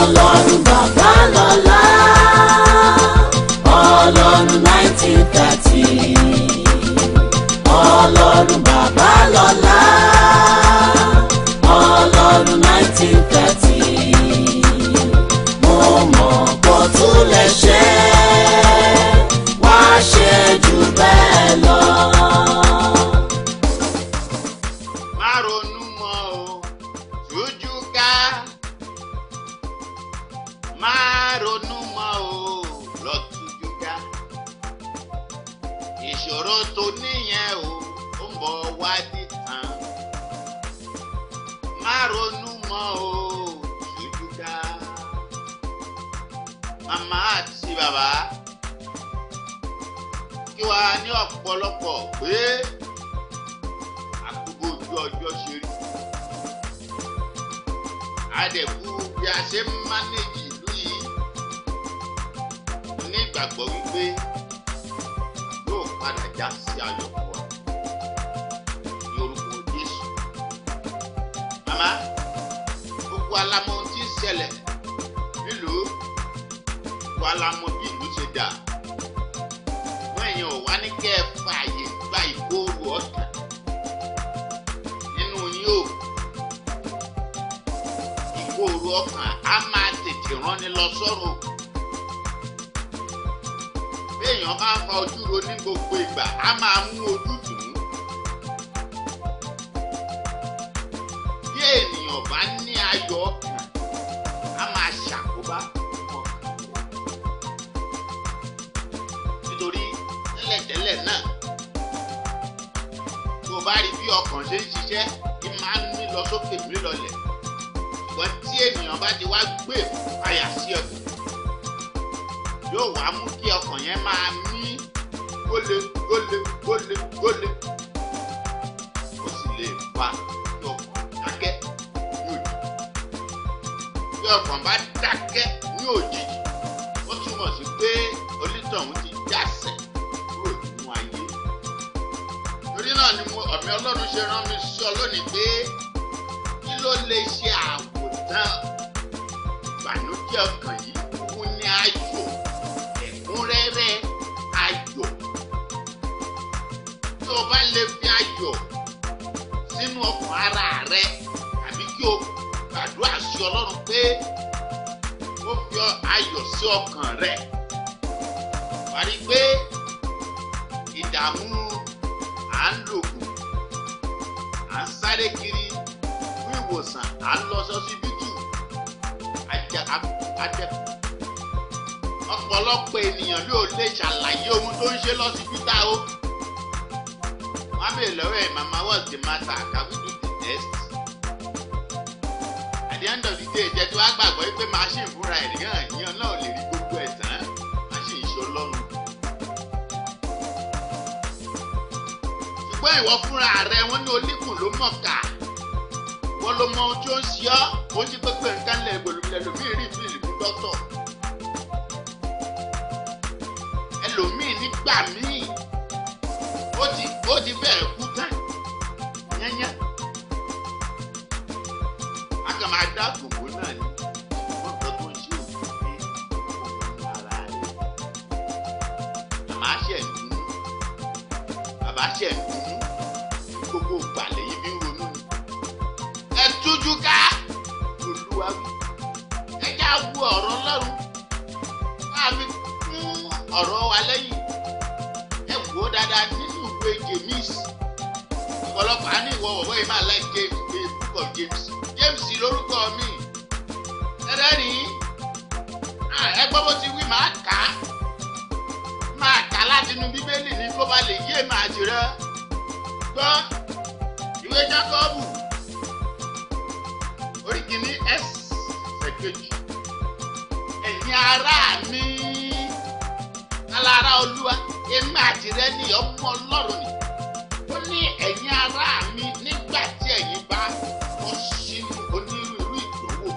ọlọ́run bàbá. màmá àti bàbá kí wàá ní ọ̀pọ̀lọpọ̀ pé àkókò ojú ọjọ́ ṣe rí adẹ̀kú bí a ṣe ń mánéjì ìlú yìí ní ìgbàgbọ́ wípé yóò padà já sí ayọ̀ fún wa ní orúkọ Jésù màmá gbogbo alámọ̀ ohun tí ń ṣẹlẹ̀. ètò alámọ̀bí ndu ṣe da ṣùgbọ́n èèyàn ò wá ní kẹ́ ẹ fààyè gba ìgbóòrò ọ̀tá nínú yín o ìgbóòrò ọkàn á máa tètè ránni lọ sọ́rọ̀ béèyàn bá fa ojú ro ní gbogbo ìgbà á máa mú ojútùú bí ènìyàn bá ní ayọ̀ ọkàn a máa ṣàkóbá. bẹ́ẹ̀ náà tó bá rí bí ọkàn ṣe ń ṣiṣẹ́ kí máa ń mí lọ sókè mí lọlẹ̀ ṣùgbọ́n tí ènìyàn bá ti wá gbé àyà sí ọkàn yóò wá mú kí ọkàn yẹn máa mí gólé gólé gólé gólé ó sì lè pa kí dákẹ́ ní òjijì bí ọkàn bá dákẹ́ ní òjijì ó ti jásẹ̀ nítorí náà ni ọ̀mí ọlọ́run ṣe rán mi sọ lónìí pé kí ló lè ṣe àwòtán ìbànújẹ́ ọkàn yìí fún ní ayọ̀ ẹ̀kúnrẹ́rẹ́ ayọ̀ tó o bá lè fi ayọ̀ sínú ọkàn ara rẹ àbí kí o gbàdúrà sí ọlọ́run pé ó fi ayọ̀ sí ọkàn rẹ wàá pé ìdààmú à ń lògùn à ń sáré kiri fún ìwòsàn à ń lọ sọsibítù àjẹ àjẹ ọ̀pọ̀lọpọ̀ ènìyàn ló lè ṣàlàyé ohun tó ń ṣe lọ́sibítà o wọ́n á bèèrè lọ́wọ́ ẹ̀ mama what's the matter can we do the test at the end of the day jẹ́ tí wọ́n á gbàgbọ́ machine fúnra ẹ̀ nìkan ìyẹn náà lè rí ṣùgbọ́n ìwọ fúnra rẹ wọ́n ní oníkùn ló mọ̀ ká wọ́n ló mọ ohun tí ó ń ṣe ọ́ kó ṣe pépé nǹkan lẹ̀ ẹlòmíì rí fíìlì fún dọ́tọ̀ ẹlòmíì nígbà míì ó ti ó ti bẹ̀rẹ̀ kú tán yányá a kàn máa dá gbogbo náà ní wọ́n tó tó ń ṣe òfin ní ara rẹ̀ màmá ṣẹ̀ ń bínú bàbá ṣẹ̀ ń bínú. ojú ká olúwa ẹ já wo ọ̀rọ̀ ọlọ́run bá mi kún ọ̀rọ̀ wa lẹ́yìn ẹ wò ó dáadáa nínú ìwé James ọ̀pọ̀lọpọ̀ á ní ìwọ ọ̀wọ́ yìí máa láì James pé book of James James lórúkọ mi ẹ̀rẹ́ ni ẹ gbọ́ bó ti wí máa kà á máa kà á látinú bíbélì ni kó ba lè yé màá jìrọ gbọ́ ìwé Jákọ́bù kìíní s ẹ̀kejì ẹ̀yin ara mi alára olúwa èmi àtìrẹ ni ọmọ ọlọ́run ni ó ní ẹ̀yin ara mi nígbà tí ẹ̀yin bá kọ́ sínú onírúurú ìdánwò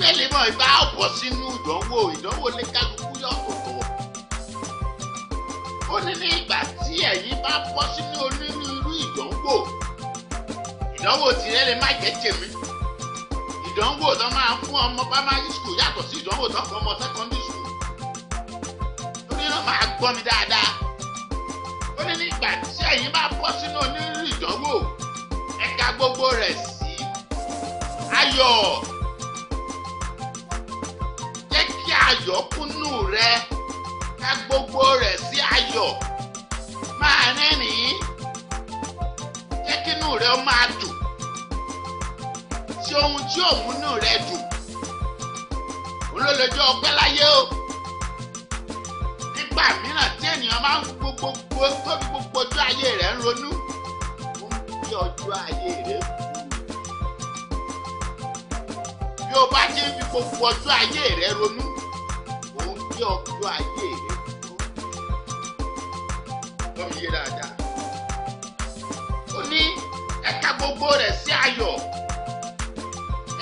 mẹ́lẹ̀ mọ́ ìbá ọ̀pọ̀ sínú ìdánwò ìdánwò lè kálukú yọ ọ̀tọ̀ọ̀tọ̀ ó ní ní ìgbà tí ẹ̀yin bá bọ́ sínú ìdánwò tirẹ̀ lè má jẹ́ tèmi ìdánwò tó máa ń fún ọmọ primary school yàtọ̀ sí ìdánwò tó fún ọmọ secondary school torí náà máa gbọ́ mi dáadáa ó ní nígbà tí ẹ̀yin bá bọ́ sínú onírúurú ìdánwò ẹ̀ka gbogbo rẹ̀ sí ayọ̀ jẹ́ kí ayọ̀ kúnnú rẹ̀ ká gbogbo rẹ̀ sí ayọ̀ máa rẹ́rìn-ín inú rẹ ó máa dùn tí ohun tí ò mú inú rẹ dùn òun ló lè jọ ọpẹ́ láyé o nígbà mìíràn tí ènìyàn máa ń gbogbo tóbi gbogbo ojú ayé rẹ ń ronú ó ń fi ayé rẹ kú bí o bá ti ń fi gbogbo ọjọ́ ayé rẹ ronú ó ń fi ayé rẹ kú lọ́mọ iye dáadáa. gbogbo rẹ̀ sí ayọ̀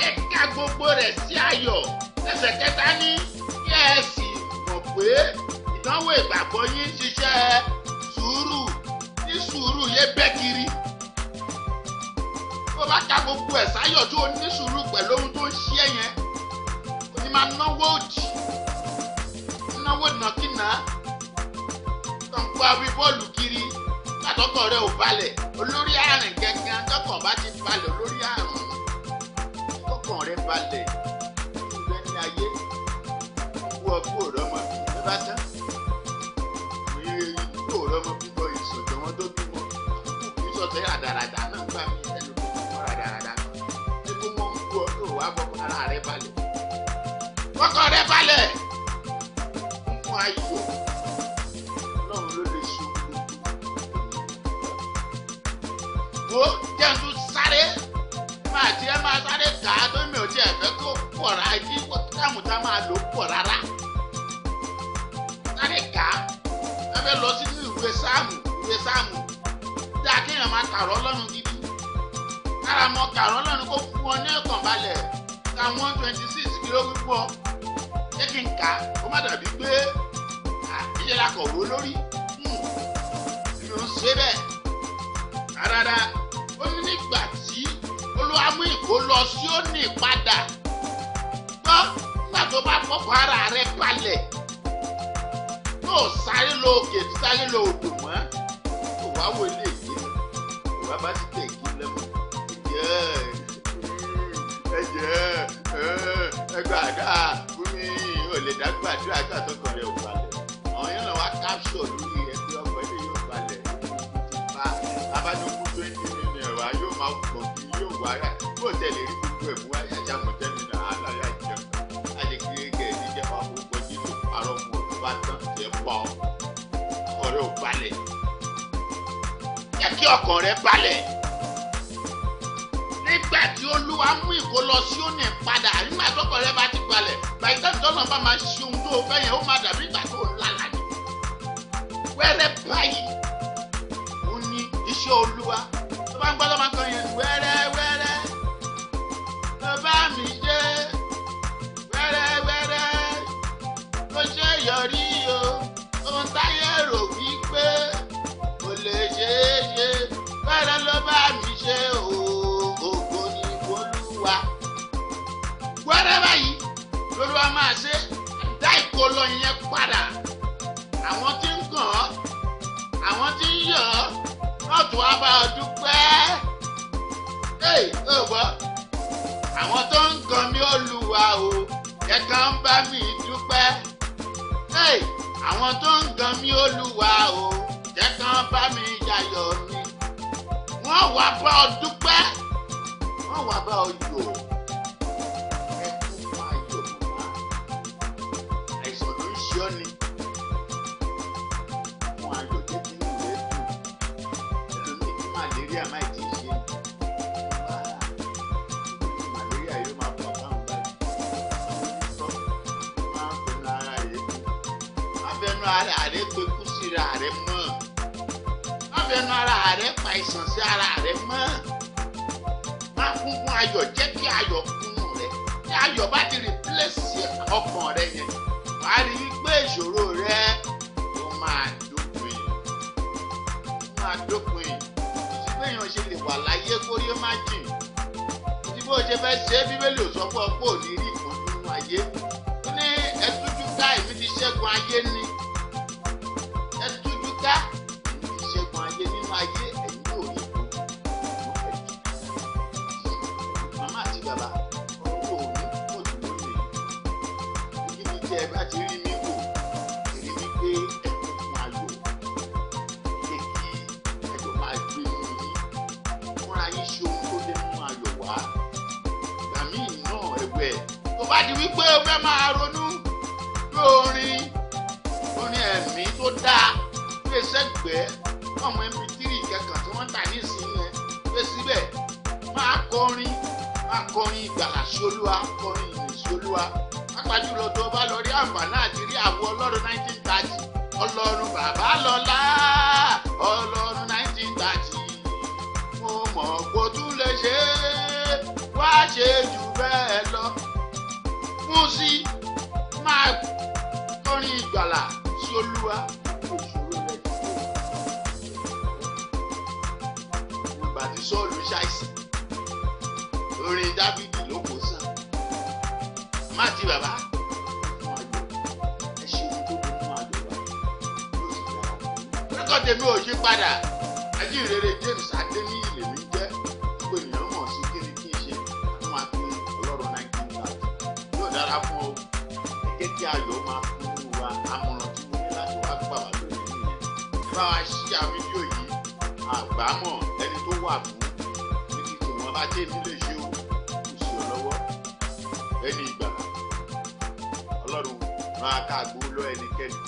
ẹ ká gbogbo rẹ̀ sí ayọ̀ ẹsẹ̀ kẹta ní kí ẹ sì mọ̀ pé ìdánwò ìgbàgbọ́ yín ṣiṣẹ́ sùúrù ní sùúrù yé bẹ́ kiri tó bá ka gbogbo ẹ̀ sáyọ̀ tó ní sùúrù pẹ̀lú ohun tó ń ṣí yẹn kò ní máa náwó òjì náwó nàkínà tó ń pa wí bọ́ọ̀lù tọkàn rẹ ò balẹ̀ olórí àrùn gangan tọkàn bá ti balẹ̀ olórí àrùn tọkàn rẹ balẹ̀ rẹ ní ayé kú ọkú ọ̀rọ̀ ọmọ bí bá tán èyí kú ọ̀rọ̀ ọmọ bíbọ ìsọ̀jọ̀ wọn tó bímọ kí sọ̀tẹ́ àdàràdà náà gbà mí ẹnu kò mọ àdàràdà tí kò mọ kú ọkú ọ̀rọ̀ àbọ̀ ara rẹ balẹ̀ tọkàn rẹ balẹ̀ mú ayọ̀. wò jẹ́ n sáré máa jẹ́ máa sáré kà á tó mi ò fẹ́ kó pọ̀ rárá kí táàmù tá máa lò pọ̀ rárá sáré iwe ẹ fẹ́ lọ sí ìwé sáàmù ìwé sáàmù dáa kéèyàn máa gidi mọ kàrọ̀ ọlọ́run kó fún ọ ní balẹ̀ ká one twenty six kí ló pọ̀ ṣé kí n kà nígbà tí olúwa mú ìkó lọ sí ó ní ìpadà gbọ́ nígbà tó bá fọ́pọ̀ ara rẹ balẹ̀ tó sáré lọ òkè tó sáré lọ odò mọ́ tó wá wo ilé ìgbé tó bá bá ti tẹ̀ kí lẹ́mọ̀ ẹ̀jẹ̀ ẹ̀jẹ̀ ẹgbàdá fún mi ò lè dá gbàdúrà gbàtọ́kọ̀ rẹ̀ ò balẹ̀ àwọn yẹn náà wá kápsọ̀ lórí dẹ̀ lè rí gbogbo ẹ̀ mú ajá mọ̀jẹ́ mi náà á náà yà jẹ́ a lè kí ẹ̀kẹ́ ẹ̀dí jẹ́ máa mú gbọ́dí ló parọ́ mu ọ̀dọ́ bá tán jẹ́ pa ọ́ ọ̀rẹ́ ò balẹ̀ jẹ́ kí ọkàn rẹ balẹ̀ nígbà tí olúwa mú ìkó lọ sí òní padà nígbà tó kọ̀ rẹ bá ti balẹ̀ báyìí tó tọ́nà bá máa ṣe ohun tó o fẹ́ yẹn ó máa dàbí ìgbà tó lálàá ni wẹ́rẹ́ báyìí ó ní iṣẹ́ olúwa tó máa ṣe dá ìkólọ yẹn padà àwọn tí ń kàn ọ́ àwọn tí ń yàn ọ́ náà tó wá bá ọ dúpẹ́ ee ò gbọ́ àwọn tó ń gan mi Olúwa o yẹ ká ń bá mi dúpẹ́ ee àwọn tó ń gan mi Olúwa o yẹ ká ń bá mi yayọ̀ mi wọ́n wá bá ọ dúpẹ́ wọ́n wá bá ọ yọ̀. ọjọ́ ni wọn àjò tó ti ń wé tó ẹlòmíì ní màlẹ́ríà máì ti ṣe màlẹ́ríà yóò máa pọ̀ táwọn báyìí sọ máa ń fẹnu ara rẹ kú afẹnu ara ayọ̀ jẹ́ kí ayọ̀ kúnnù rẹ tí ayọ̀ bá ti rìpílẹ̀sì ọkàn rẹ yẹn. kóyé má jìn tí bó ṣe fẹ́ ṣe bíbélì ò sọ pé ọpọ́ ò rí ìkọ́jú ayé ó ní ẹtújú ká èmi ti ṣẹ́gun ayé ni àti wípé o fẹ́ máa ronú lórin orin ẹ̀mí tó dáa gbé sẹ́gbẹ̀ẹ́ ọmọ ẹ̀mí tírì kẹkàn tí wọ́n tà ní ìsinmi yẹn gbé síbẹ̀ máa kọrin máa kọrin ìgbàlà sí olúwa kọrin ìrìn sí olúwa pápájúlọ tó bá lọ rí àǹfààní àti rí àwọ ọlọ́run nineteen thirty ọlọ́run bàbá lọ́lá ọlọ́run nineteen thirty mo mọ̀ kó tún lè ṣe wá ṣe jù bẹ́ẹ̀. ìgbàlà sí olúwa òṣòro rẹ̀ dìbò. ìgbà tí sọ́ọ̀lù ṣàìsàn orin dábìdì ló kó sàn má ti bàbá. lọ́kọ̀ ò yí padà ajínrere James adéní lèmi jẹ́ gbogbo ènìyàn mọ̀ sí kí kí n ṣe fún akin ọlọ́run náà kí n gbà yóò dára fún ọ ẹ jẹ́ kí ayọ̀ máa. bá a ṣí àwọn fídíò yìí àgbámọ̀ ẹni tó wà fún títí kò wọ́n bá tẹ́ nílé ṣe o kò sí ọ lọ́wọ́ ẹni ìgbà ọlọ́run máa ká àgbó lọ ẹnikẹ́ni.